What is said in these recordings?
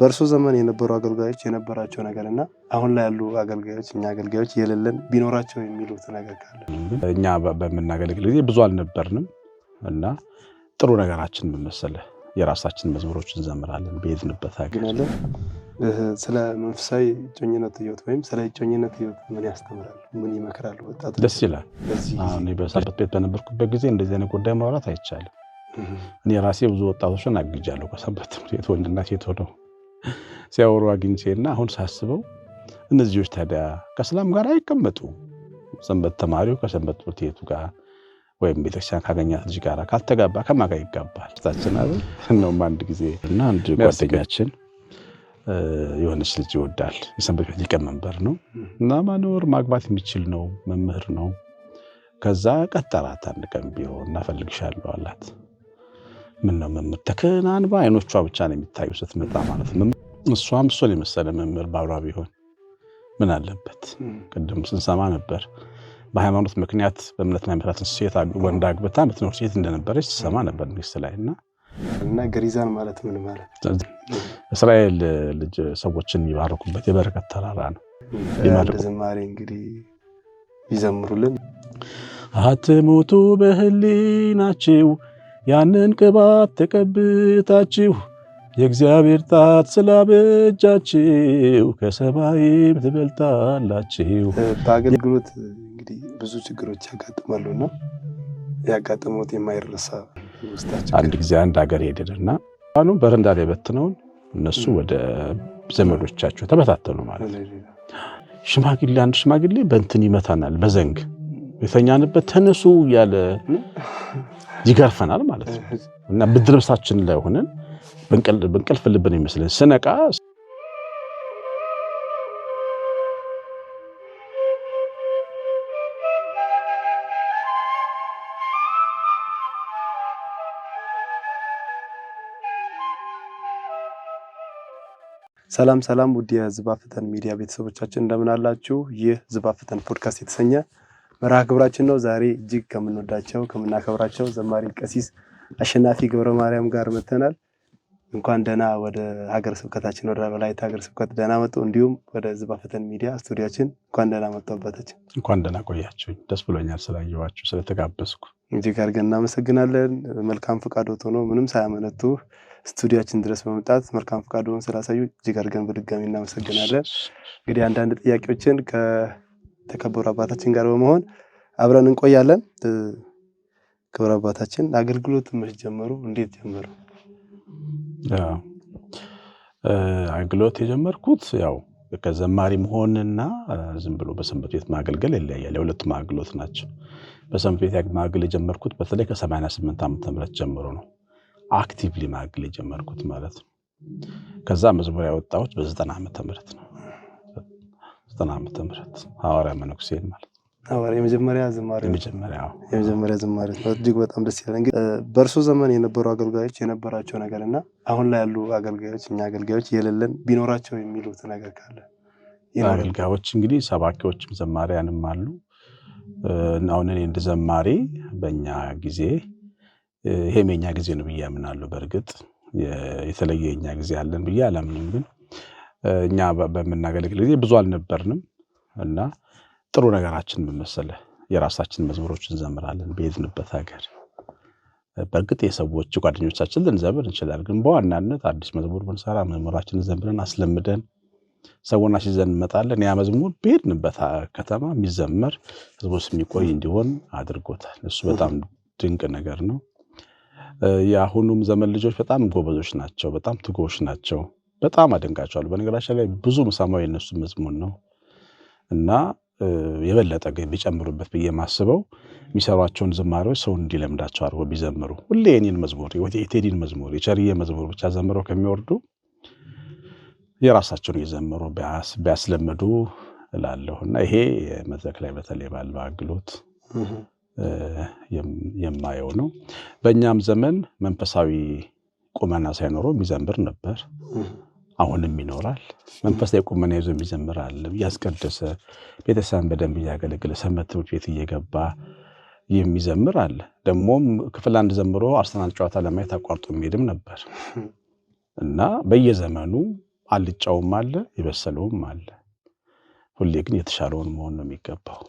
በእርሶ ዘመን የነበሩ አገልጋዮች የነበራቸው ነገር እና አሁን ላይ ያሉ አገልጋዮች እኛ አገልጋዮች የሌለን ቢኖራቸው የሚሉት ነገር ካለ። እኛ በምናገለግል ጊዜ ብዙ አልነበርንም እና ጥሩ ነገራችን መመሰለ የራሳችን መዝሙሮች እንዘምራለን በሄድንበት ሀገር። ስለ መንፈሳዊ እጮኝነት ህይወት ወይም ስለ እጮኝነት ህይወት ምን ያስተምራል? ምን ይመክራሉ? ወጣት ደስ ይላል። በሰንበት ቤት በነበርኩበት ጊዜ እንደዚህ አይነት ጉዳይ ማውራት አይቻልም። እኔ ራሴ ብዙ ወጣቶችን አግጃለሁ። ከሰንበት ቤት ወንድና ሴት ሆነው ሲያወሩ አግኝቼና አሁን ሳስበው እነዚዎች ታዲያ ከሰላም ጋር አይቀመጡ። ሰንበት ተማሪው ከሰንበት ትምህርት ቤቱ ጋር ወይም ቤተክርስቲያን ካገኛት ልጅ ጋር ካልተጋባ ከማጋ ይጋባል። ታችን አ እነውም አንድ ጊዜ እና አንድ ጓደኛችን የሆነች ልጅ ይወዳል። የሰንበት ቤት ሊቀመንበር ነው እና ማኖር ማግባት የሚችል ነው፣ መምህር ነው። ከዛ ቀጠራት አንድ ቀን ቢሆን እናፈልግሻለሁ አላት። ምን ነው መምህር ተከናንባ አይኖቿ ብቻ ነው የሚታዩ ስትመጣ ማለት ነው እሷም እሱን የመሰለ መምህር ባብራ ቢሆን ምን አለበት? ቅድም ስንሰማ ነበር። በሃይማኖት ምክንያት በእምነት መምህራትን ሴት ወንድ አግብታ ምትኖር ሴት እንደነበረች ስሰማ ነበር ሚስት ላይ እና እና ገሪዛን ማለት ምን ማለት እስራኤል ልጅ ሰዎችን የሚባረኩበት የበረከት ተራራ ነው። ዝማሬ እንግዲህ ይዘምሩልን። አትሙቱ በህሊናችሁ ያንን ቅባት ተቀብታችሁ የእግዚአብሔር ጣት ስላበጃችሁ ከሰማይም ትበልጣላችሁ። በአገልግሎት እንግዲህ ብዙ ችግሮች ያጋጥማሉና ያጋጥሞት የማይረሳ ውስጣቸው አንድ ጊዜ አንድ ሀገር ሄድንና ኑ በረንዳ ላይ በትነውን እነሱ ወደ ዘመዶቻቸው ተበታተኑ ማለት ነው። ሽማግሌ አንድ ሽማግሌ በእንትን ይመታናል፣ በዘንግ የተኛንበት ተነሱ እያለ ይገርፈናል ማለት ነው እና ብድርብሳችን ላይ ሆነን በእንቅልፍ ልብ ነው ስነቃ ሰላም ሰላም፣ ውድ የዝባፍተን ሚዲያ ቤተሰቦቻችን እንደምናላችሁ። ይህ ዝባፍተን ፖድካስት የተሰኘ መርሃ ግብራችን ነው። ዛሬ እጅግ ከምንወዳቸው ከምናከብራቸው ዘማሪ ቀሲስ አሸናፊ ገብረ ማርያም ጋር መተናል። እንኳን ደህና ወደ ሀገረ ስብከታችን ወደ ወላይታ ሀገረ ስብከት ደህና መጡ። እንዲሁም ወደ ዝባፈተን ሚዲያ ስቱዲያችን እንኳን ደህና መጡ አባታችን። እንኳን ደህና ቆያችሁ። ደስ ብሎኛል ስላየኋችሁ፣ ስለተጋበዝኩ እጅግ አድርገን እናመሰግናለን። መልካም ፈቃዶት ሆኖ ምንም ሳያመነቱ ስቱዲያችን ድረስ በመምጣት መልካም ፈቃዶን ስላሳዩ እጅግ አድርገን በድጋሚ እናመሰግናለን። እንግዲህ አንዳንድ ጥያቄዎችን ከተከበሩ አባታችን ጋር በመሆን አብረን እንቆያለን። ክብረ አባታችን አገልግሎት መች ጀመሩ? እንዴት ጀመሩ? አገልግሎት የጀመርኩት ያው ከዘማሪ መሆንና ዝም ብሎ በሰንበት ቤት ማገልገል ይለያል። የሁለቱም አገልግሎት ናቸው። በሰንበት ቤት ማገልገል የጀመርኩት በተለይ ከ88 ዓመተ ምህረት ጀምሮ ነው አክቲቭሊ ማገልገል የጀመርኩት ማለት ነው። ከዛ መዝሙር ያወጣሁት በ90 ዓመተ ምህረት ነው። 90 ዓመተ ምህረት ሐዋርያ መነኩሴን ማለት ነው። የመጀመሪያ ዝማሬ የመጀመሪያ ዝማሬ ነው። እጅግ በጣም ደስ ይላል። እንግዲህ በእርሶ ዘመን የነበሩ አገልጋዮች የነበራቸው ነገር እና አሁን ላይ ያሉ አገልጋዮች እኛ አገልጋዮች የሌለን ቢኖራቸው የሚሉት ነገር ካለ አገልጋዮች እንግዲህ ሰባኪዎችም ዘማሪያንም አሉ። አሁን እኔ እንደ ዘማሪ በእኛ ጊዜ ይሄም የኛ ጊዜ ነው ብዬ አምናለሁ። በእርግጥ የተለየ የኛ ጊዜ አለን ብዬ አላምንም። ግን እኛ በምናገለግል ጊዜ ብዙ አልነበርንም እና ጥሩ ነገራችን ምን መሰለህ? የራሳችን መዝሙሮች እንዘምራለን በሄድንበት ሀገር። በእርግጥ የሰዎች ጓደኞቻችን ልንዘምር እንችላለን፣ ግን በዋናነት አዲስ መዝሙር ብንሰራ መዝሙራችን ዘምረን አስለምደን ሰውና ሲዘን እንመጣለን። ያ መዝሙር በሄድንበት ከተማ የሚዘመር ህዝቦች የሚቆይ እንዲሆን አድርጎታል። እሱ በጣም ድንቅ ነገር ነው። የአሁኑም ዘመን ልጆች በጣም ጎበዞች ናቸው፣ በጣም ትጎች ናቸው። በጣም አደንቃቸዋለሁ። በነገራችን ላይ ብዙ ምሰማው የነሱ መዝሙር ነው እና የበለጠ ግን ቢጨምሩበት ብዬ የማስበው የሚሰሯቸውን ዝማሬዎች ሰው እንዲለምዳቸው አድርጎ ቢዘምሩ። ሁሌ የኔን መዝሙር፣ የቴዲን መዝሙር፣ የቸርዬ መዝሙር ብቻ ዘምረው ከሚወርዱ የራሳቸውን እየዘመሩ ቢያስለምዱ እላለሁ እና ይሄ መድረክ ላይ በተለይ ባለው አግሎት የማየው ነው። በእኛም ዘመን መንፈሳዊ ቁመና ሳይኖረው የሚዘምር ነበር። አሁንም ይኖራል። መንፈሳዊ ቁመና ይዞ ይዘምራል፣ እያስቀደሰ ቤተሰብን በደንብ እያገለገለ ሰንበት ትምህርት ቤት እየገባ የሚዘምር አለ። ደግሞም ክፍል አንድ ዘምሮ አርሰናል ጨዋታ ለማየት አቋርጦ የሚሄድም ነበር እና በየዘመኑ አልጫውም አለ የበሰለውም አለ። ሁሌ ግን የተሻለውን መሆን ነው የሚገባው።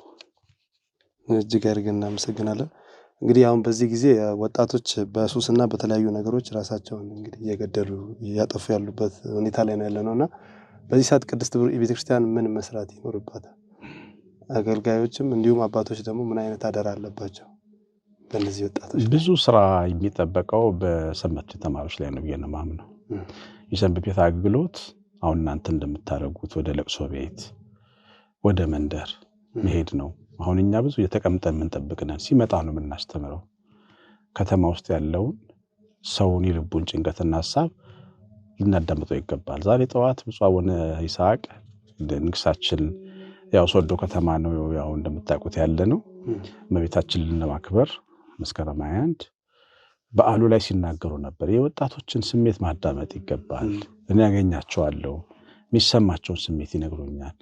እጅግ አድርገን እናመሰግናለን። እንግዲህ አሁን በዚህ ጊዜ ወጣቶች በሱስና በተለያዩ ነገሮች ራሳቸውን እንግዲህ እየገደሉ እያጠፉ ያሉበት ሁኔታ ላይ ነው ነው እና በዚህ ሰዓት ቅድስት ቤተክርስቲያን ምን መስራት ይኖርባታል? አገልጋዮችም እንዲሁም አባቶች ደግሞ ምን አይነት አደራ አለባቸው? በእነዚህ ወጣቶች ብዙ ስራ የሚጠበቀው በሰንበት ተማሪዎች ላይ ነው ብዬ ነው የማምነው። የሰንበት ቤት አገልግሎት አሁን እናንተ እንደምታደርጉት ወደ ለቅሶ ቤት፣ ወደ መንደር መሄድ ነው አሁን እኛ ብዙ የተቀምጠን የምንጠብቅነን ሲመጣ ነው የምናስተምረው። ከተማ ውስጥ ያለውን ሰውን የልቡን ጭንቀትና ሀሳብ ልናዳምጠው ይገባል። ዛሬ ጠዋት ብፁዕ አቡነ ይስሐቅ ንግሳችን ያው ሶዶ ከተማ ነው ያው እንደምታውቁት ያለ ነው። እመቤታችንን ለማክበር መስከረም ሃያ አንድ በዓሉ ላይ ሲናገሩ ነበር። የወጣቶችን ስሜት ማዳመጥ ይገባል። እኔ ያገኛቸዋለሁ የሚሰማቸውን ስሜት ይነግሩኛል።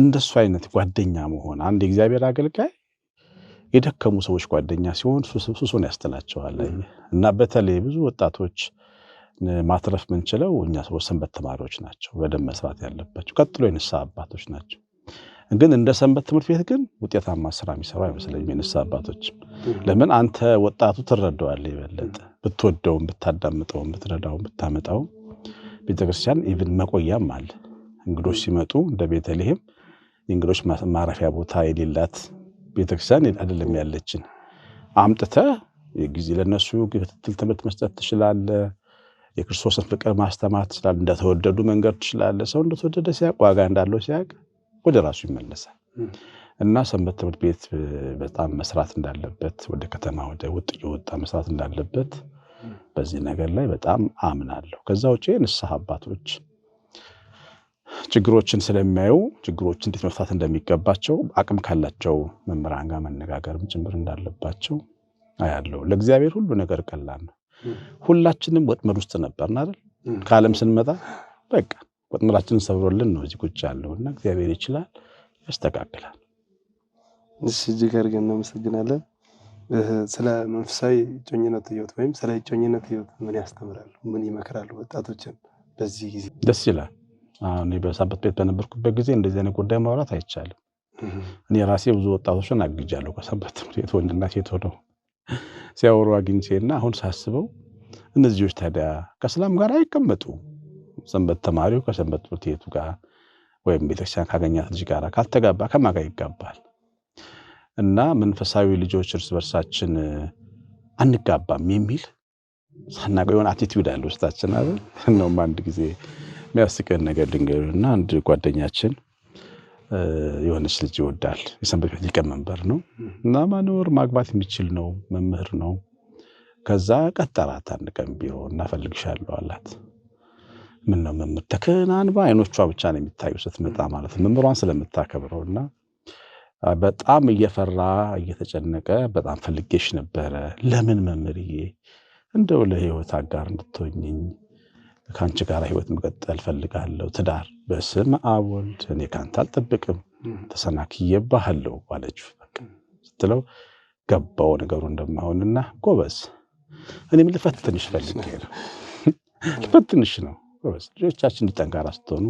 እንደሱ አይነት ጓደኛ መሆን አንድ የእግዚአብሔር አገልጋይ የደከሙ ሰዎች ጓደኛ ሲሆን ሱሱን ያስተላቸዋል። እና በተለይ ብዙ ወጣቶች ማትረፍ ምንችለው እኛ ሰዎች ሰንበት ተማሪዎች ናቸው፣ በደንብ መስራት ያለባቸው ቀጥሎ የንስሓ አባቶች ናቸው። ግን እንደ ሰንበት ትምህርት ቤት ግን ውጤታማ ስራ የሚሰሩ አይመስለኝም የንስሓ አባቶች። ለምን አንተ ወጣቱ ትረዳዋለህ የበለጠ ብትወደውም፣ ብታዳምጠውም፣ ብትረዳውም፣ ብታመጣውም ቤተክርስቲያን ኢቭን መቆያም አለ እንግዶች ሲመጡ እንደ ቤተልሔም የእንግዶች ማረፊያ ቦታ የሌላት ቤተክርስቲያን አይደለም ያለችን። አምጥተ የጊዜ ለነሱ ክትትል ትምህርት መስጠት ትችላለ። የክርስቶስን ፍቅር ማስተማር ትችላለ። እንደተወደዱ መንገድ ትችላለ። ሰው እንደተወደደ ሲያቅ፣ ዋጋ እንዳለው ሲያቅ ወደ ራሱ ይመለሳል እና ሰንበት ትምህርት ቤት በጣም መስራት እንዳለበት ወደ ከተማ ወደ ውጥ እየወጣ መስራት እንዳለበት በዚህ ነገር ላይ በጣም አምናለሁ። ከዛ ውጭ ንስሐ አባቶች ችግሮችን ስለሚያዩ ችግሮችን እንዴት መፍታት እንደሚገባቸው አቅም ካላቸው መምህራን ጋር መነጋገርም ጭምር እንዳለባቸው አያለው። ለእግዚአብሔር ሁሉ ነገር ቀላል ነው። ሁላችንም ወጥመድ ውስጥ ነበርን አይደል? ከዓለም ስንመጣ በቃ ወጥመዳችንን ሰብሮልን ነው እዚህ ቁጭ እና እግዚአብሔር ይችላል፣ ያስተካክላል። እሺ፣ እጅግ አድርገን እናመሰግናለን። ስለ መንፈሳዊ እጮኝነት ህይወት ወይም ስለ እጮኝነት ህይወት ምን ያስተምራሉ? ምን ይመክራሉ? ወጣቶችን በዚህ ጊዜ ደስ ይላል እኔ በሰንበት ቤት በነበርኩበት ጊዜ እንደዚህ አይነት ጉዳይ ማውራት አይቻልም። እኔ ራሴ ብዙ ወጣቶችን አግጃለሁ ከሰንበት ትምህርት ቤት ወንድና ሴት ሆነው ሲያወሩ አግኝቼና አሁን ሳስበው እነዚች ታዲያ ከሰላም ጋር አይቀመጡ። ሰንበት ተማሪው ከሰንበት ትምህርት ቤቱ ጋር ወይም ቤተክርስቲያን ካገኛት ልጅ ጋር ካልተጋባ ከማጋ ይጋባል እና መንፈሳዊ ልጆች እርስ በርሳችን አንጋባም የሚል ሳናቀው የሆነ አቲትዩድ አለ ውስጣችን ነውም አንድ ጊዜ የሚያስቀን ነገር ልንገር እና አንድ ጓደኛችን የሆነች ልጅ ይወዳል። የሰንበት ቤት ሊቀመንበር ነው እና ማኖር ማግባት የሚችል ነው፣ መምህር ነው። ከዛ ቀጠራት አንድ ቀን ቢሮ እና አላት። ምን ነው መምህር ተከናንባ አይኖቿ ብቻ ነው የሚታዩ ስትመጣ ማለት መምህሯን ስለምታከብረው እና በጣም እየፈራ እየተጨነቀ በጣም ፈልጌሽ ነበረ። ለምን መምህርዬ እንደው ለህይወት አጋር እንድትሆኝኝ ከአንቺ ጋር ህይወት መቀጠል ፈልጋለሁ፣ ትዳር በስም አወልድ እኔ ከአንተ አልጠብቅም ተሰናክዬብሃለሁ አለችው። ስትለው ገባው ነገሩ እንደማሆንና ጎበዝ፣ እኔም ልፈት ትንሽ ፈልጌ ነው ልፈት ትንሽ ነው ጎበዝ፣ ልጆቻችን እንዲጠንካራ ስትሆኑ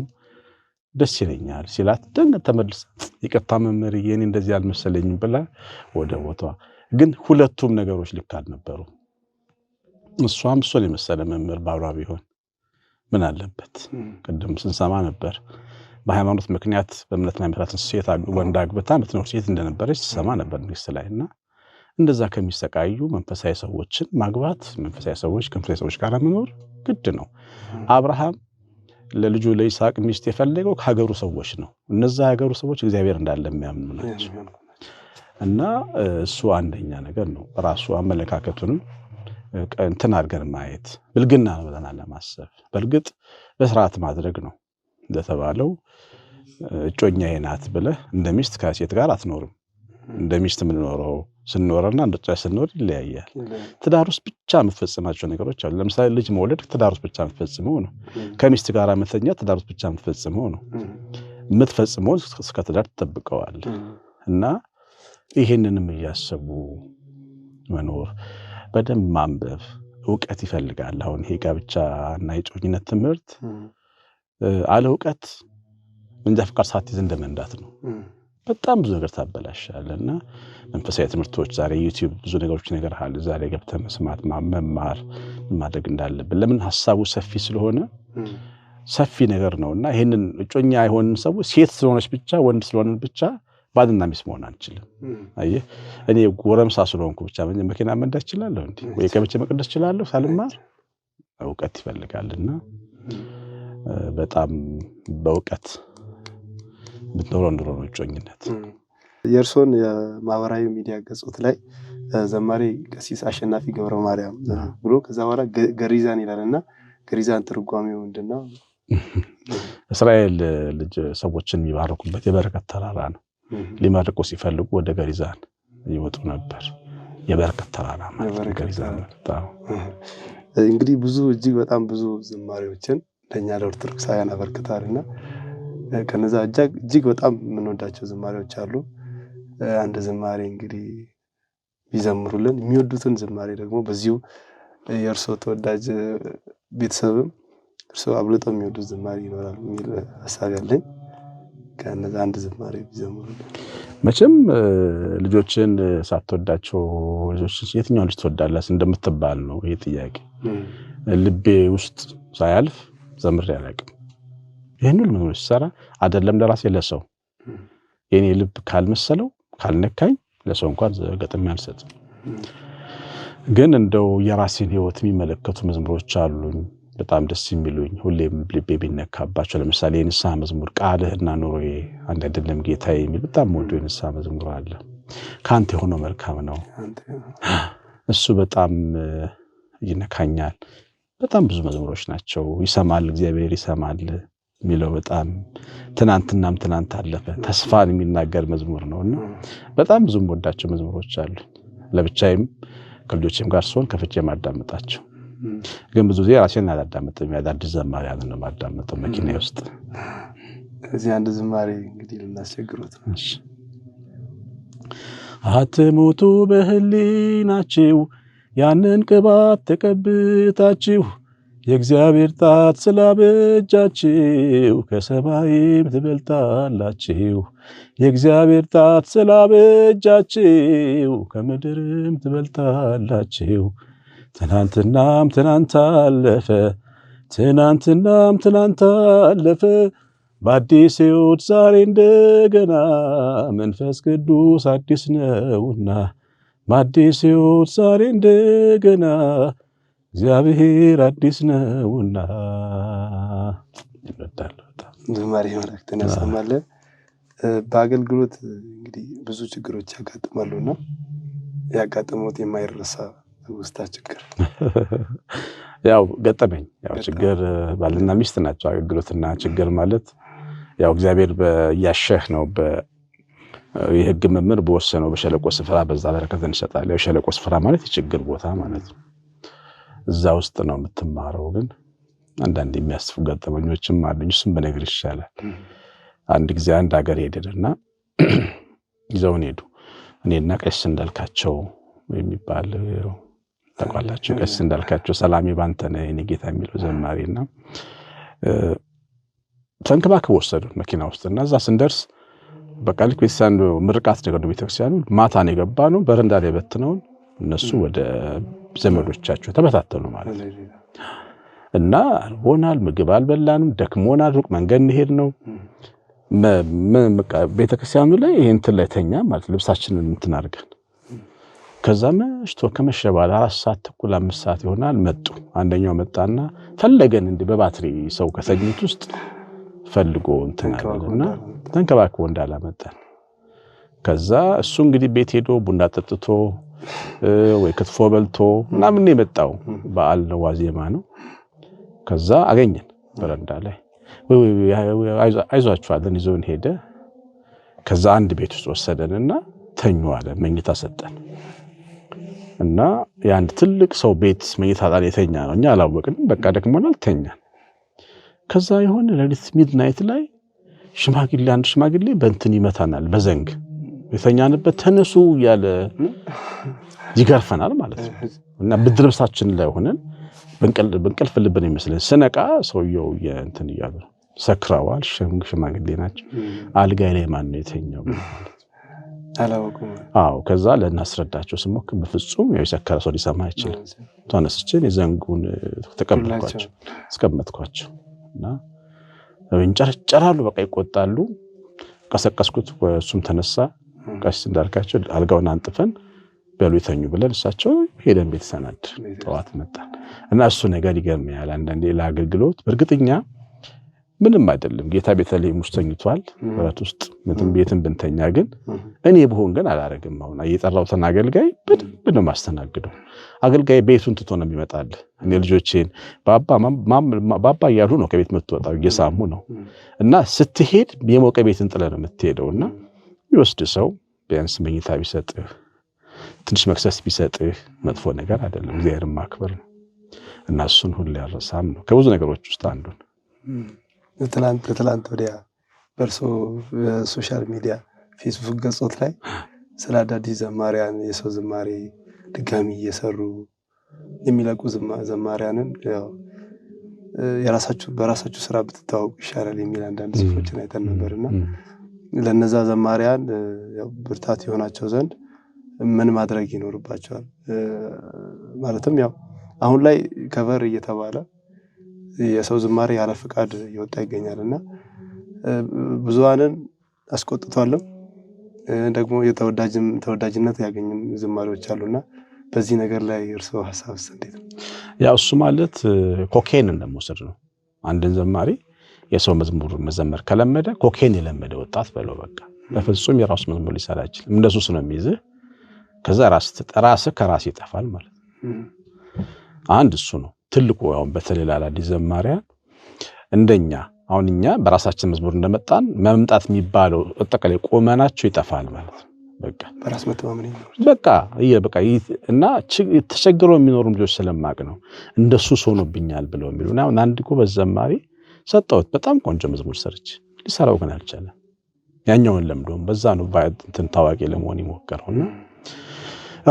ደስ ይለኛል ሲላት ደንገት ተመልሳ ይቅርታ መምህር የኔ እንደዚህ አልመሰለኝም ብላ ወደ ቦታ ግን ሁለቱም ነገሮች ልክ አልነበሩ። እሷም እሱን የመሰለ መምህር ባሏ ቢሆን ምን አለበት? ቅድም ስንሰማ ነበር በሃይማኖት ምክንያት በእምነት ላይ መራትን ሴት ወንድ አግብታ ምትኖር ሴት እንደነበረች ስሰማ ነበር ንግሥት ላይ እና እንደዛ ከሚሰቃዩ መንፈሳዊ ሰዎችን ማግባት መንፈሳዊ ሰዎች ከመንፈሳዊ ሰዎች ጋር መኖር ግድ ነው። አብርሃም ለልጁ ለይስሐቅ ሚስት የፈለገው ከሀገሩ ሰዎች ነው። እነዛ ሀገሩ ሰዎች እግዚአብሔር እንዳለ የሚያምኑ ናቸው። እና እሱ አንደኛ ነገር ነው። ራሱ አመለካከቱንም እንትን አድርገን ማየት ብልግና ነው ብለናል ለማሰብ በእርግጥ በስርዓት ማድረግ ነው። እንደተባለው እጮኛ ናት ብለህ እንደ ሚስት ከሴት ጋር አትኖርም። እንደ ሚስት የምንኖረው ስንኖረና እንደ ጫ ስንኖር ይለያያል። ትዳር ውስጥ ብቻ የምትፈጽማቸው ነገሮች አሉ። ለምሳሌ ልጅ መውለድ ትዳር ውስጥ ብቻ የምትፈጽመው ነው። ከሚስት ጋር መተኛ ትዳር ውስጥ ብቻ የምትፈጽመው ነው። የምትፈጽመውን እስከ ትዳር ትጠብቀዋል እና ይህንንም እያሰቡ መኖር በደንብ ማንበብ እውቀት ይፈልጋል። አሁን ይሄ ጋብቻ እና የጮኝነት ትምህርት አለ እውቀት መንጃ ፈቃድ ሳትይዝ እንደመንዳት ነው። በጣም ብዙ ነገር ታበላሻል። እና መንፈሳዊ ትምህርቶች ዛሬ ዩቲዩብ ብዙ ነገሮች ይነግርሃል። ዛሬ ገብተህ መስማት፣ መማር ማድረግ እንዳለብን ለምን ሀሳቡ ሰፊ ስለሆነ ሰፊ ነገር ነው እና ይህንን እጮኛ የሆንን ሰው ሴት ስለሆነች ብቻ ወንድ ስለሆነን ብቻ ባልና ሚስት መሆን አንችልም። አየህ እኔ ጎረምሳ ስለሆንኩ ብቻ መኪና መንዳት እችላለሁ እንዴ? ወይ ቀብቼ መቅደስ እችላለሁ? ሳልማር እውቀት ይፈልጋልና በጣም በእውቀት ብትኖረው ኑሮ ነው እጮኝነት። የእርሶን የማህበራዊ ሚዲያ ገጾት ላይ ዘማሪ ቀሲስ አሸናፊ ገብረ ማርያም ብሎ ከዛ በኋላ ገሪዛን ይላል እና ገሪዛን ትርጓሜው ምንድን ነው? እስራኤል ልጅ ሰዎችን የሚባረኩበት የበረከት ተራራ ነው። ሊመርቁ ሲፈልጉ ወደ ገሪዛን ይወጡ ነበር። የበረከት ተራራ ማለት እንግዲህ ብዙ እጅግ በጣም ብዙ ዝማሬዎችን ለእኛ ለኦርቶዶክሳውያን እና ከነዛ እጅግ በጣም የምንወዳቸው ዝማሬዎች አሉ። አንድ ዝማሬ እንግዲህ ይዘምሩልን የሚወዱትን ዝማሬ ደግሞ በዚሁ የእርሶ ተወዳጅ ቤተሰብም እርስዎ አብልጠው የሚወዱት ዝማሬ ይኖራል የሚል ሀሳብ ያለኝ ከነዛ አንድ ዝማሬ ቢዘምሩ። መቼም ልጆችን ሳትወዳቸው ልጆች የትኛውን ልጅ ትወዳለህ እንደምትባል ነው ይሄ ጥያቄ። ልቤ ውስጥ ሳያልፍ ዘምር አላውቅም። ይህን ሁሉ ምን ሲሰራ አይደለም ለራሴ ለሰው የኔ ልብ ካልመሰለው ካልነካኝ ለሰው እንኳን ገጥም አልሰጥም። ግን እንደው የራሴን ህይወት የሚመለከቱ መዝሙሮች አሉኝ። በጣም ደስ የሚሉኝ ሁሌም ልቤ የሚነካባቸው ለምሳሌ የንስሐ መዝሙር ቃልህ እና ኑሮዬ አንድ አይደለም ጌታ የሚል በጣም ወዶ የንስሐ መዝሙር አለ። ከአንተ የሆነው መልካም ነው። እሱ በጣም ይነካኛል። በጣም ብዙ መዝሙሮች ናቸው። ይሰማል፣ እግዚአብሔር ይሰማል የሚለው በጣም ትናንትናም ትናንት አለፈ ተስፋን የሚናገር መዝሙር ነው እና በጣም ብዙ ወዳቸው መዝሙሮች አሉ። ለብቻይም ከልጆቼም ጋር ሲሆን ከፍቼ ማዳመጣቸው ግን ብዙ ጊዜ ራሴን አላዳምጥም። አዳዲስ ዘማሪያንን ነው የማዳምጠው መኪና ውስጥ። እዚህ አንድ ዝማሬ እንግዲህ ልናስቸግሮት ነው። አትሞቱ በህሊናችሁ ያንን ቅባት ተቀብታችሁ የእግዚአብሔር ጣት ስላበጃችሁ ከሰማይም ትበልጣላችሁ። የእግዚአብሔር ጣት ስላበጃችሁ ከምድርም ትበልጣላችሁ። ትናንትናም ትናንት አለፈ ትናንትናም ትናንት አለፈ በአዲስ ሕይወት ዛሬ እንደገና መንፈስ ቅዱስ አዲስ ነውና በአዲስ ሕይወት ዛሬ እንደገና እግዚአብሔር አዲስ ነውና። ዝማሬ መላእክት እናሰማለን። በአገልግሎት እንግዲህ ብዙ ችግሮች ያጋጥማሉና ያጋጥሞት የማይረሳ ያው ገጠመኝ ያው ችግር ባልና ሚስት ናቸው። አገልግሎትና ችግር ማለት ያው እግዚአብሔር እያሸህ ነው። የህግ መምህር በወሰነው በሸለቆ ስፍራ በዛ በረከትን ይሰጣል። ያው ሸለቆ ስፍራ ማለት የችግር ቦታ ማለት ነው። እዛ ውስጥ ነው የምትማረው። ግን አንዳንድ የሚያስፉ ገጠመኞችም አሉኝ። እሱም በነገር ይሻላል። አንድ ጊዜ አንድ ሀገር እና ይዘውን ሄዱ እኔና ቀሲስ እንዳልካቸው የሚባል ታውቃላችሁ። ቀሲስ እንዳልካቸው ሰላሜ ባንተ ነህ የኔ ጌታ የሚለው ዘማሪ ዘማሬና ተንከባክበው ወሰዱ መኪና ውስጥ እና እዛ ስንደርስ በቃ ልክ ቤተክርስቲያን ምርቃት ነገር ነው። ቤተክርስቲያኑ ማታ የገባ ነው። በረንዳ ላይ በትነውን እነሱ ወደ ዘመዶቻቸው ተበታተኑ ማለት ነው እና አልሆናል፣ ምግብ አልበላንም፣ ደክሞናል፣ ሩቅ መንገድ እንሄድ ነው ቤተክርስቲያኑ ላይ ይህንትን ላይ ተኛ ማለት ልብሳችንን እንትን አድርገን ከዛ መሽቶ ከመሸ በኋላ አራት ሰዓት ተኩል አምስት ሰዓት ይሆናል መጡ። አንደኛው መጣና ፈለገን እንዲህ በባትሪ ሰው ከሰግኝት ውስጥ ፈልጎ እንትናልና ተንከባክቦ እንዳላመጣን ከዛ እሱ እንግዲህ ቤት ሄዶ ቡና ጠጥቶ ወይ ክትፎ በልቶ ምናምን የመጣው በዓል ነው፣ ዋዜማ ነው። ከዛ አገኘን በረንዳ ላይ አይዟችኋለን ይዞን ሄደ። ከዛ አንድ ቤት ውስጥ ወሰደንና ተኙ አለ፣ መኝታ ሰጠን። እና የአንድ ትልቅ ሰው ቤት መኝታ ጣል የተኛ ነው። እኛ አላወቅንም። በቃ ደክሞናል ተኛን። ከዛ የሆነ ሌሊት ሚድናይት ላይ ሽማግሌ አንድ ሽማግሌ በእንትን ይመታናል፣ በዘንግ የተኛንበት ተነሱ እያለ ይገርፈናል ማለት ነው። እና ብርድ ልብሳችን ላይ ሆነን በእንቅልፍ ልብን ይመስለን። ስነቃ ሰውየው እንትን እያሉ ሰክረዋል። ሽማግሌ ናቸው። አልጋይ ላይ ማን ነው የተኛው? አዎ ከዛ ለእናስረዳቸው ስሞክ በፍጹም የሰከረ ሰው ሊሰማ አይችልም። ተነስችን የዘንጉን ተቀመጥኳቸው አስቀመጥኳቸው እና ይንጨረጨራሉ፣ በቃ ይቆጣሉ። ቀሰቀስኩት፣ እሱም ተነሳ። ቀስ እንዳልካቸው አልጋውን አንጥፈን በሉ የተኙ ብለን እሳቸው ሄደን ቤተሰናድ ጠዋት መጣን እና እሱ ነገር ይገርም ይገርምያል አንዳንዴ ለአገልግሎት በእርግጥኛ ምንም አይደለም። ጌታ ቤተልሔም ውስጥ ተኝቷል፣ ረት ውስጥ ምንም ቤትን ብንተኛ ግን እኔ ብሆን ግን አላረግም። አሁን የጠራሁትን አገልጋይ በደንብ ነው ማስተናግደው። አገልጋይ ቤቱን ትቶ ነው የሚመጣል። እኔ ልጆቼን ባባ እያሉ ነው ከቤት የምትወጣው እየሳሙ ነው። እና ስትሄድ የሞቀ ቤትን ጥለ ነው የምትሄደው። እና ይወስድ ሰው ቢያንስ መኝታ ቢሰጥህ፣ ትንሽ መክሰስ ቢሰጥህ መጥፎ ነገር አይደለም። እግዚአብሔርን ማክበር ነው እና እሱን ሁሌ አልረሳም ነው ከብዙ ነገሮች ውስጥ አንዱን ትላንት ትላንት ወዲያ በእርሶ ሶሻል ሚዲያ ፌስቡክ ገጾት ላይ ስለ አዳዲስ ዘማሪያን የሰው ዝማሬ ድጋሚ እየሰሩ የሚለቁ ዘማሪያንን የራሳችሁ በራሳችሁ ስራ ብትታወቁ ይሻላል የሚል አንዳንድ ጽሑፎችን አይተን እና ለነዛ ዘማሪያን ብርታት የሆናቸው ዘንድ ምን ማድረግ ይኖርባቸዋል? ማለትም ያው አሁን ላይ ከቨር እየተባለ የሰው ዝማሬ ያለ ፍቃድ እየወጣ ይገኛል እና ብዙሃንን አስቆጥቷልም ደግሞ ተወዳጅነት ያገኙ ዝማሬዎች አሉና በዚህ ነገር ላይ እርስዎ ሀሳብ እንዴት ነው? ያው እሱ ማለት ኮኬን እንደመውሰድ ነው። አንድን ዘማሪ የሰው መዝሙር መዘመር ከለመደ ኮኬን የለመደ ወጣት በለው በቃ በፍጹም የራሱ መዝሙር ሊሰራ አይችልም። እንደሱ የሚይዝህ። ከዛ ራስ ከራስ ይጠፋል ማለት ነው። አንድ እሱ ነው። ትልቁ አሁን በተለይ ላዳዲስ ዘማሪያን እንደኛ አሁን እኛ በራሳችን መዝሙር እንደመጣን መምጣት የሚባለው አጠቃላይ ቁመናቸው ይጠፋል ማለት ነው። በቃ በራስ መተማመን በቃ ይሄ በቃ እና ተቸግረው የሚኖሩ ልጆች ስለማቅ ነው እንደሱ ሆኖብኛል ብለው የሚሉ እና አንድ ጎበዝ በዘማሪ ሰጠሁት በጣም ቆንጆ መዝሙር ሰርች ሊሰራው ግን አልቻለም። ያኛውን ለምዶም በዛ ነው እንትን ታዋቂ ለመሆን ይሞከረውና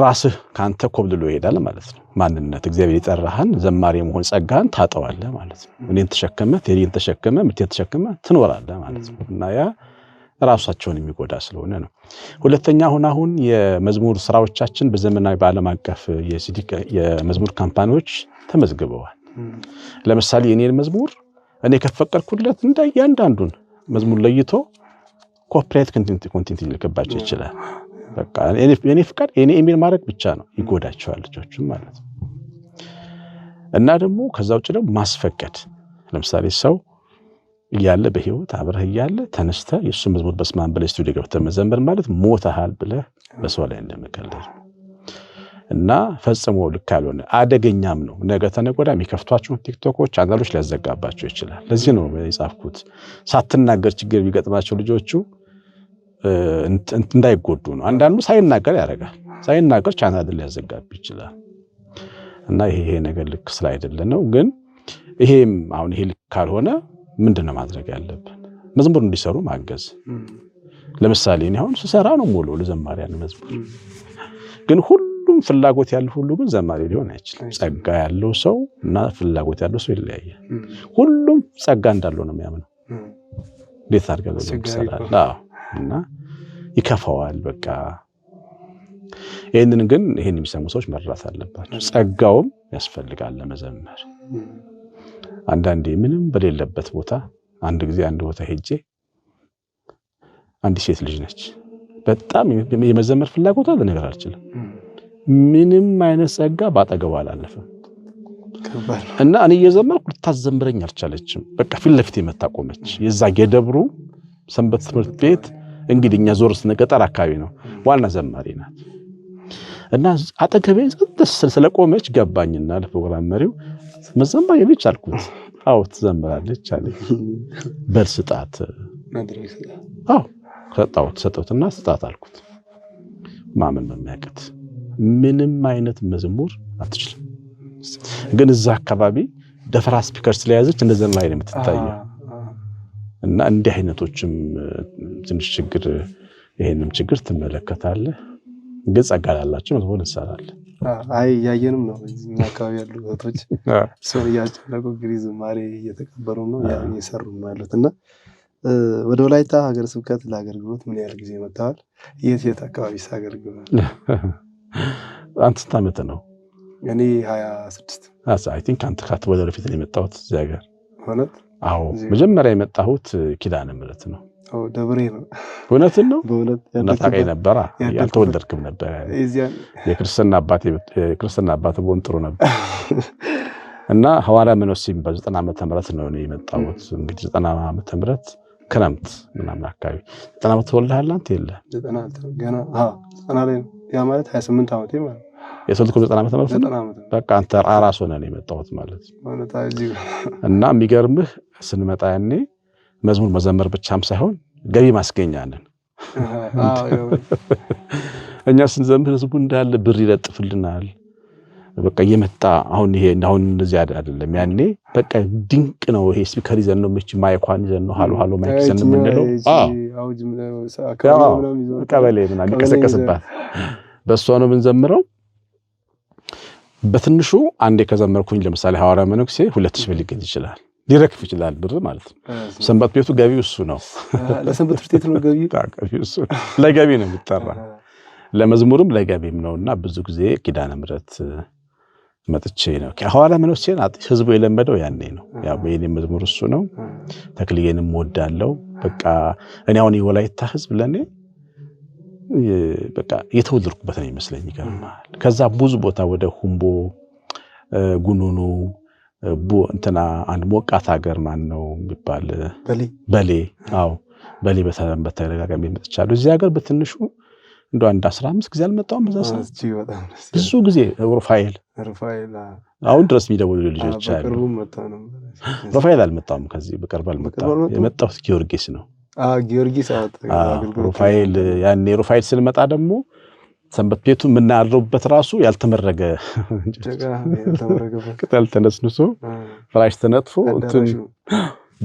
ራስህ ከአንተ ኮብልሎ ይሄዳል ማለት ነው። ማንነት እግዚአብሔር የጠራህን ዘማሪ መሆን ጸጋህን ታጠዋለህ ማለት ነው። እኔን ተሸከመ፣ ቴሪን ተሸከመ፣ ምቴን ተሸከመ ትኖራለህ ማለት ነው እና ያ ራሳቸውን የሚጎዳ ስለሆነ ነው። ሁለተኛ አሁን አሁን የመዝሙር ስራዎቻችን በዘመናዊ በዓለም አቀፍ የመዝሙር ካምፓኒዎች ተመዝግበዋል። ለምሳሌ የኔን መዝሙር እኔ ከፈቀድኩለት እንደ እያንዳንዱን መዝሙር ለይቶ ኮፒራይት ኮንቴንት ሊልክባቸው ይችላል። በቃ የኔ ፍቃድ የኔ ኢሜል ማድረግ ብቻ ነው። ይጎዳቸዋል ልጆችም ማለት ነው። እና ደግሞ ከዛ ውጭ ደግሞ ማስፈቀድ ለምሳሌ ሰው እያለ በህይወት አብረህ እያለ ተነስተ የእሱ መዝሙር በስማን ብለ ብለህ ስቱዲዮ ገብተህ መዘመር ማለት ሞተሃል ብለህ በሰው ላይ እንደመቀለድ እና ፈጽሞ ልክ ያልሆነ አደገኛም ነው። ነገ ተነገ ወዲያ ቲክቶኮች አንዳንዶች ሊያዘጋባቸው ይችላል። ለዚህ ነው የጻፍኩት። ሳትናገር ችግር ቢገጥማቸው ልጆቹ እንዳይጎዱ ነው። አንዳንዱ ሳይናገር ያደርጋል። ሳይናገር ቻናል ሊያዘጋብ ይችላል። እና ይሄ ነገር ልክ ስላይደለ ነው። ግን ይሄም አሁን ይሄ ልክ ካልሆነ ምንድን ነው ማድረግ ያለብን? መዝሙር እንዲሰሩ ማገዝ። ለምሳሌ እኔ አሁን ስሰራ ነው ሙሉ ለዘማሪያን መዝሙር ግን ሁሉም ፍላጎት ያለው ሁሉ ግን ዘማሪ ሊሆን አይችልም። ጸጋ ያለው ሰው እና ፍላጎት ያለው ሰው ይለያያል። ሁሉም ጸጋ እንዳለው ነው የሚያምነው። እንዴት አድርገን እና ይከፋዋል። በቃ ይህንን ግን ይህን የሚሰሙ ሰዎች መረዳት አለባቸው። ጸጋውም ያስፈልጋል ለመዘመር። አንዳንዴ ምንም በሌለበት ቦታ አንድ ጊዜ አንድ ቦታ ሄጄ አንዲት ሴት ልጅ ነች። በጣም የመዘመር ፍላጎት አለ፣ ነገር አልችልም። ምንም አይነት ጸጋ ባጠገቧ አላለፈም እና እኔ እየዘመርኩ ልታዘምረኝ አልቻለችም። በቃ ፊት ለፊት የመታቆመች የዛ የደብሩ ሰንበት ትምህርት ቤት እንግዲህ እኛ ዞር ስንገጠር አካባቢ ነው። ዋና ዘማሪ ናት እና አጠገቤ ደስ ስለቆመች ገባኝና ለፕሮግራም መሪው መዘመር ልጅ አልኩት። አዎ ትዘምራለች አለ። በል ስጣት። አዎ ሰጣሁት። ሰጠሁትና ስጣት አልኩት። ማመን በሚያቅት ምንም አይነት መዝሙር አትችልም፣ ግን እዛ አካባቢ ደፈራ ስፒከር ስለያዘች እንደዘማሪ ነው የምትታየው። እና እንዲህ አይነቶችም ትንሽ ችግር ይሄንም ችግር ትመለከታለህ። ግን ጸጋ ላላቸው መዝሙር እንሰራለን። አይ እያየንም ነው። እዚህ አካባቢ ያሉ እህቶች ሰው እያጨለቁ እንግዲህ ዝማሬ እየተቀበሉ ነው እየሰሩ ያሉት እና ወደ ወላይታ ሀገረ ስብከት ለአገልግሎት ምን ያህል ጊዜ መጥተዋል? የት የት አካባቢ ሳገልግሏል? አንተ ስንት ዓመት ነው? እኔ ሀያ ስድስት አይ ቲንክ አንተ ካት ወደ ወደፊት ነው የመጣሁት እዚህ ሀገር እውነት አዎ መጀመሪያ የመጣሁት ኪዳነ ምሕረት ነው። ደብሬ ነው። እውነትን ነው። እናታውቀኝ ነበራ። ያልተወለድክም ነበረ። የክርስትና አባት የክርስትና አባት ቦን ጥሩ ነበር እና ሐዋርያ መኖስ የሚባል ዘጠና ዓመተ ምህረት ነው እኔ የመጣሁት። እንግዲህ ዘጠና ዓመተ ምህረት ክረምት ምናምን አካባቢ ዘጠና ዓመት ተወልደሃል አንተ የለ ዘጠና ላይ ነው ያ ማለት ሀያ ስምንት ዓመቴ ማለት የስንት ዘጠና ዓመት ነው። በቃ አንተ አራስ ነው የመጣሁት ማለት እና የሚገርምህ ስንመጣ ያኔ መዝሙር መዘመር ብቻም ሳይሆን ገቢ ማስገኛ ነን። እኛ ስንዘምር ህዝቡ እንዳለ ብር ይለጥፍልናል። በቃ እየመጣ አሁን ይሄ አሁን እንደዚህ አይደለም። ያኔ በቃ ድንቅ ነው። ይሄ ስፒከር ይዘን ነው ምች ማይኳን ይዘን ነው ማይክ ይዘን የምንለው ቀበሌ ምናምን ይቀሰቀስባት በእሷ ነው የምንዘምረው። በትንሹ አንዴ ከዘመርኩኝ ለምሳሌ ሐዋርያ መነኩሴ ሁለት ሺህ ብር ሊገኝ ይችላል፣ ሊረክፍ ይችላል ብር ማለት ነው። ሰንበት ቤቱ ገቢ እሱ ነው። ለሰንበት ነው እሱ ለገቢ ነው የሚጠራ ለመዝሙርም ለገቢም እና ብዙ ጊዜ ኪዳነ ምሕረት መጥቼ ነው ሐዋርያ መነኩሴን ህዝቡ የለመደው ያኔ ነው። የኔ መዝሙር እሱ ነው። ተክልዬንም ወዳለው በቃ እኔ አሁን የወላይታ ህዝብ ለእኔ በቃ የተወለድኩበት ነው ይመስለኝ። ይገርማል። ከዛ ብዙ ቦታ ወደ ሁምቦ ጉኑኑ እንትና አንድ ሞቃት ሀገር ማን ነው የሚባል በሌ። አዎ በሌ በተደጋጋሚ መጥቻለሁ። እዚህ ሀገር በትንሹ እንደ አንድ አስራ አምስት ጊዜ አልመጣሁም። በዛ ሰዓት ብዙ ጊዜ ሩፋኤል አሁን ድረስ የሚደውሉ ልጆች አሉ። ሩፋኤል አልመጣሁም፣ ከዚህ በቅርብ አልመጣሁም። የመጣሁት ጊዮርጊስ ነው። ጊዮርጊስ ሩፋኤል ያኔ ሩፋኤል ስንመጣ ደግሞ ሰንበት ቤቱ የምናድረውበት ራሱ ያልተመረገ ቅጠል ተነስንሶ ፍራሽ ተነጥፎ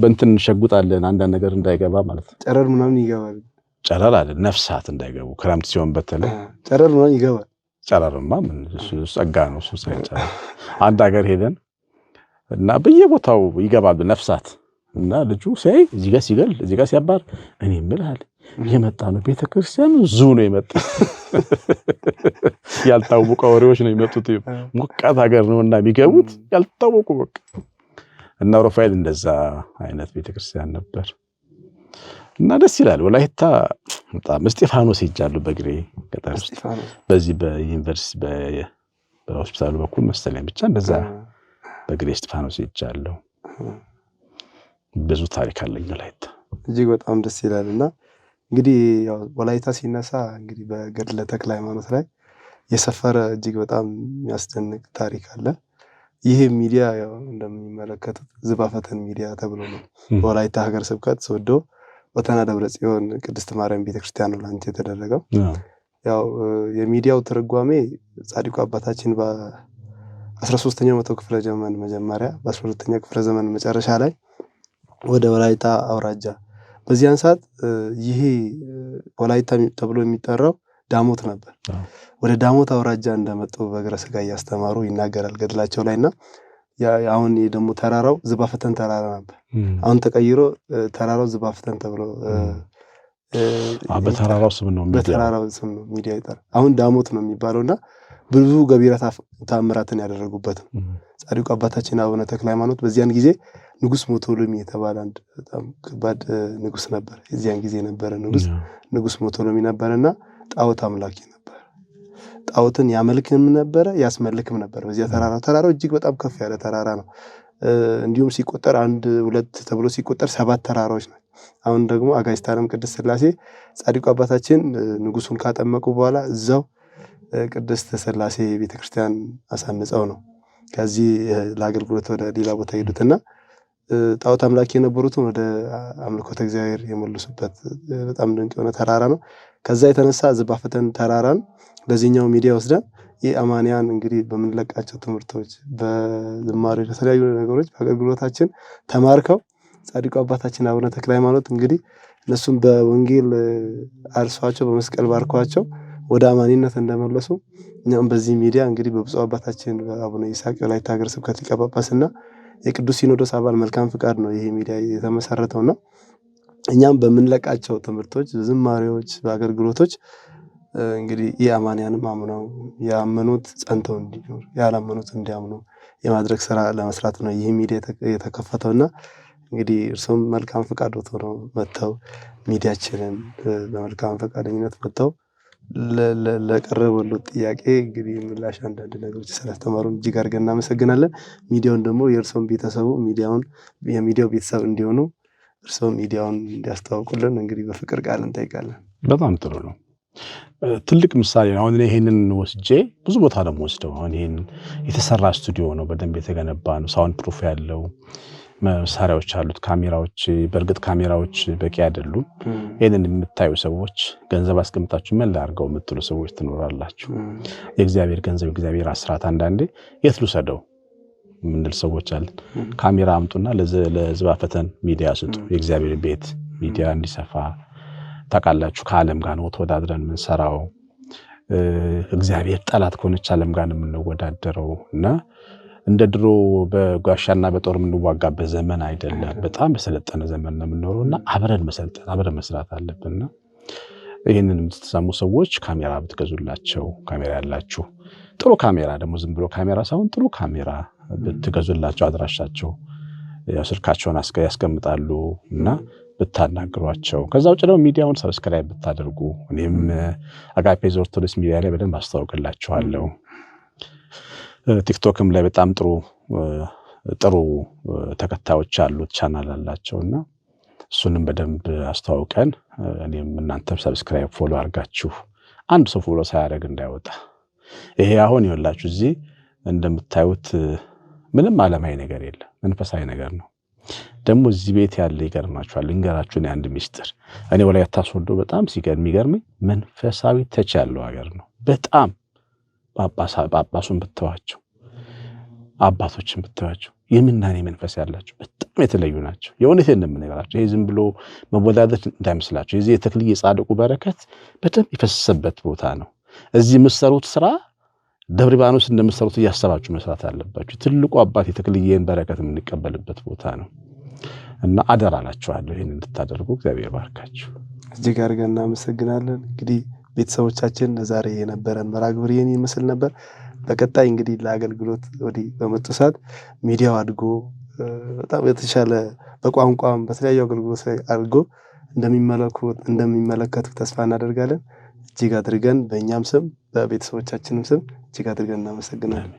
በእንትን እንሸጉጣለን አንዳንድ ነገር እንዳይገባ ማለት ነው። ጨረር ምናምን ይገባል። ጨረር አለ ነፍሳት እንዳይገቡ ክረምት ሲሆን በተለይ ጨረር ምናምን ይገባል። ጨረርማ ጸጋ ነው። አንድ ሀገር ሄደን እና በየቦታው ይገባሉ ነፍሳት እና ልጁ ሲያይ እዚህ ጋር ሲገል እዚህ ጋር ሲያባር እኔ ምልል የመጣ ነው ቤተክርስቲያኑ ዙ ነው የመጣ ያልታወቁ ወሬዎች ነው የመጡት። ሞቃት ሀገር ነው እና የሚገቡት ያልታወቁ በቃ እና ሮፋኤል እንደዛ አይነት ቤተክርስቲያን ነበር እና ደስ ይላል። ወላይታ በጣም እስጢፋኖስ ሄጃለሁ በግሬ ገጠር ውስጥ በዚህ በዩኒቨርሲቲ በሆስፒታሉ በኩል መሰለኝ ብቻ እንደዛ በግሬ እስጢፋኖስ ሄጃለሁ። ብዙ ታሪክ አለኝ ወላይታ። እጅግ በጣም ደስ ይላል እና እንግዲህ ወላይታ ሲነሳ እንግዲህ በገድለ ተክለ ሃይማኖት ላይ የሰፈረ እጅግ በጣም የሚያስደንቅ ታሪክ አለ። ይህ ሚዲያ እንደሚመለከቱት ዝባፈተን ሚዲያ ተብሎ ነው በወላይታ ሀገር ስብከት ሶዶ ወተና ደብረ ጽዮን ቅድስት ማርያም ቤተክርስቲያን ላንቺ የተደረገው ያው የሚዲያው ትርጓሜ ጻድቁ አባታችን በአስራ ሶስተኛው መቶ ክፍለ ዘመን መጀመሪያ በአስራ ሁለተኛው ክፍለ ዘመን መጨረሻ ላይ ወደ ወላይታ አውራጃ በዚያን ሰዓት ይሄ ወላይታ ተብሎ የሚጠራው ዳሞት ነበር። ወደ ዳሞት አውራጃ እንደመጡ በእግረ ስጋ እያስተማሩ ይናገራል ገድላቸው ላይ እና አሁን ደግሞ ተራራው ዝባፈተን ተራራ ነበር። አሁን ተቀይሮ ተራራው ዝባፈተን ተብሎ በተራራው ስም ነው በተራራው ስም ነው ሚዲያ ይጠራ አሁን ዳሞት ነው የሚባለው እና ብዙ ገቢረ ታምራትን ያደረጉበት ነው ጻድቁ አባታችን አቡነ ተክለ ሃይማኖት በዚያን ጊዜ ንጉስ ሞቶሎሚ የተባለ አንድ በጣም ከባድ ንጉስ ነበር። እዚያን ጊዜ የነበረ ንጉስ ንጉስ ሞቶሎሚ ነበር እና ጣዖት አምላኪ ነበር። ጣዖትን ያመልክም ነበረ ያስመልክም ነበር። በዚያ ተራራ ተራራው እጅግ በጣም ከፍ ያለ ተራራ ነው። እንዲሁም ሲቆጠር አንድ ሁለት ተብሎ ሲቆጠር ሰባት ተራራዎች ናቸው። አሁን ደግሞ አጋዕዝተ ዓለም ቅድስት ስላሴ ጻድቁ አባታችን ንጉሱን ካጠመቁ በኋላ እዛው ቅድስት ስላሴ ቤተክርስቲያን አሳንጸው ነው ከዚህ ለአገልግሎት ወደ ሌላ ቦታ ሄዱትና ጣዖት አምላኪ የነበሩትን ወደ አምልኮተ እግዚአብሔር የመለሱበት በጣም ድንቅ የሆነ ተራራ ነው። ከዛ የተነሳ ዝባፈተን ተራራን ለዚህኛው ሚዲያ ወስደን የአማንያን እንግዲህ በምንለቃቸው ትምህርቶች፣ በዝማሬ፣ በተለያዩ ነገሮች በአገልግሎታችን ተማርከው ጻድቁ አባታችን አቡነ ተክለ ሃይማኖት እንግዲህ እነሱም በወንጌል አርሷቸው በመስቀል ባርኳቸው ወደ አማኒነት እንደመለሱ እኛም በዚህ ሚዲያ እንግዲህ በብፁዕ አባታችን አቡነ ይስሐቅ ወላይታ ሀገረ ስብከት ሊቀ ጳጳስና የቅዱስ ሲኖዶስ አባል መልካም ፍቃድ ነው ይሄ ሚዲያ የተመሰረተው እና እኛም በምንለቃቸው ትምህርቶች፣ ዝማሬዎች፣ በአገልግሎቶች እንግዲህ የአማንያንም አምነው ያመኑት ጸንተው እንዲኖር ያላመኑት እንዲያምኑ የማድረግ ስራ ለመስራት ነው ይህ ሚዲያ የተከፈተው እና እንግዲህ እርሱም መልካም ፈቃድ ሆነው መጥተው ሚዲያችንን በመልካም ፈቃደኝነት መጥተው ለቀረበሉት ጥያቄ እንግዲህ ምላሽ አንዳንድ ነገሮች ስላስተማሩን እጅግ አድርገን እናመሰግናለን። ሚዲያውን ደግሞ የእርስዎን ቤተሰቡ ሚዲያውን የሚዲያው ቤተሰብ እንዲሆኑ እርስዎ ሚዲያውን እንዲያስተዋውቁልን እንግዲህ በፍቅር ቃል እንጠይቃለን። በጣም ጥሩ ነው። ትልቅ ምሳሌ ነው። አሁን ይሄንን ወስጄ ብዙ ቦታ ነው የምወስደው። አሁን ይሄን የተሰራ ስቱዲዮ ነው፣ በደንብ የተገነባ ነው፣ ሳውንድ ፕሩፍ ያለው መሳሪያዎች አሉት፣ ካሜራዎች። በእርግጥ ካሜራዎች በቂ አይደሉም። ይህንን የምታዩ ሰዎች ገንዘብ አስቀምጣችሁ መላ አርገው የምትሉ ሰዎች ትኖራላችሁ። የእግዚአብሔር ገንዘብ እግዚአብሔር አስራት አንዳንዴ የት ልውሰደው ምንል ሰዎች አለ። ካሜራ አምጡና ለዝባፈተን ሚዲያ ስጡ። የእግዚአብሔር ቤት ሚዲያ እንዲሰፋ ታውቃላችሁ። ከዓለም ጋር ነው ተወዳድረን የምንሰራው። እግዚአብሔር ጠላት ከሆነች ዓለም ጋር ነው የምንወዳደረው እና እንደ ድሮ በጓሻና በጦር የምንዋጋበት ዘመን አይደለም። በጣም በሰለጠነ ዘመን ነው የምንኖረው እና አብረን መሰልጠን አብረን መስራት አለብንና ይህንን የምትሰሙ ሰዎች ካሜራ ብትገዙላቸው፣ ካሜራ ያላችሁ ጥሩ ካሜራ ደግሞ ዝም ብሎ ካሜራ ሳይሆን ጥሩ ካሜራ ብትገዙላቸው፣ አድራሻቸው ስልካቸውን ያስቀምጣሉ እና ብታናግሯቸው። ከዛ ውጭ ደግሞ ሚዲያውን ሰብስክራይብ ብታደርጉ እኔም አጋፔ ዞር ሚዲያ ላይ በደንብ አስተዋውቅላችኋለሁ። ቲክቶክም ላይ በጣም ጥሩ ጥሩ ተከታዮች አሉት ቻናል አላቸው እና እሱንም በደንብ አስተዋውቀን እኔም እናንተም ሰብስክራይብ ፎሎ አድርጋችሁ አንድ ሰው ፎሎ ሳያደርግ እንዳይወጣ። ይሄ አሁን ይኸውላችሁ እዚህ እንደምታዩት ምንም አለማዊ ነገር የለም፣ መንፈሳዊ ነገር ነው። ደግሞ እዚህ ቤት ያለ ይገርማችኋል። ልንገራችሁን የአንድ ሚስጥር እኔ ወላይታ ሶዶ በጣም ሲገርም የሚገርመኝ መንፈሳዊ ተች ያለው ሀገር ነው በጣም ጳጳሱን ብትዋቸው፣ አባቶችን ብትዋቸው የምናኔ መንፈስ ያላቸው በጣም የተለዩ ናቸው። የእውነት እንደምነገራቸው ይሄ ዝም ብሎ መወዳደር እንዳይመስላቸው። የዚህ የተክልዬ የጻድቁ በረከት በደንብ የፈሰሰበት ቦታ ነው። እዚህ የምሰሩት ስራ ደብረ ሊባኖስ እንደምሰሩት እያሰባችሁ መስራት አለባችሁ። ትልቁ አባት የተክልዬን በረከት የምንቀበልበት ቦታ ነው እና አደራ አላችኋለሁ ይህን እንድታደርጉ እግዚአብሔር ባርካችሁ። እጅግ አድርገን እናመሰግናለን እንግዲህ ቤተሰቦቻችን ዛሬ የነበረን መራግብር ይህን ይመስል ነበር። በቀጣይ እንግዲህ ለአገልግሎት ወዲህ በመጡ ሰዓት ሚዲያው አድጎ በጣም የተሻለ በቋንቋም በተለያዩ አገልግሎት ላይ አድጎ እንደሚመለከቱ ተስፋ እናደርጋለን። እጅግ አድርገን በእኛም ስም በቤተሰቦቻችንም ስም እጅግ አድርገን እናመሰግናለን።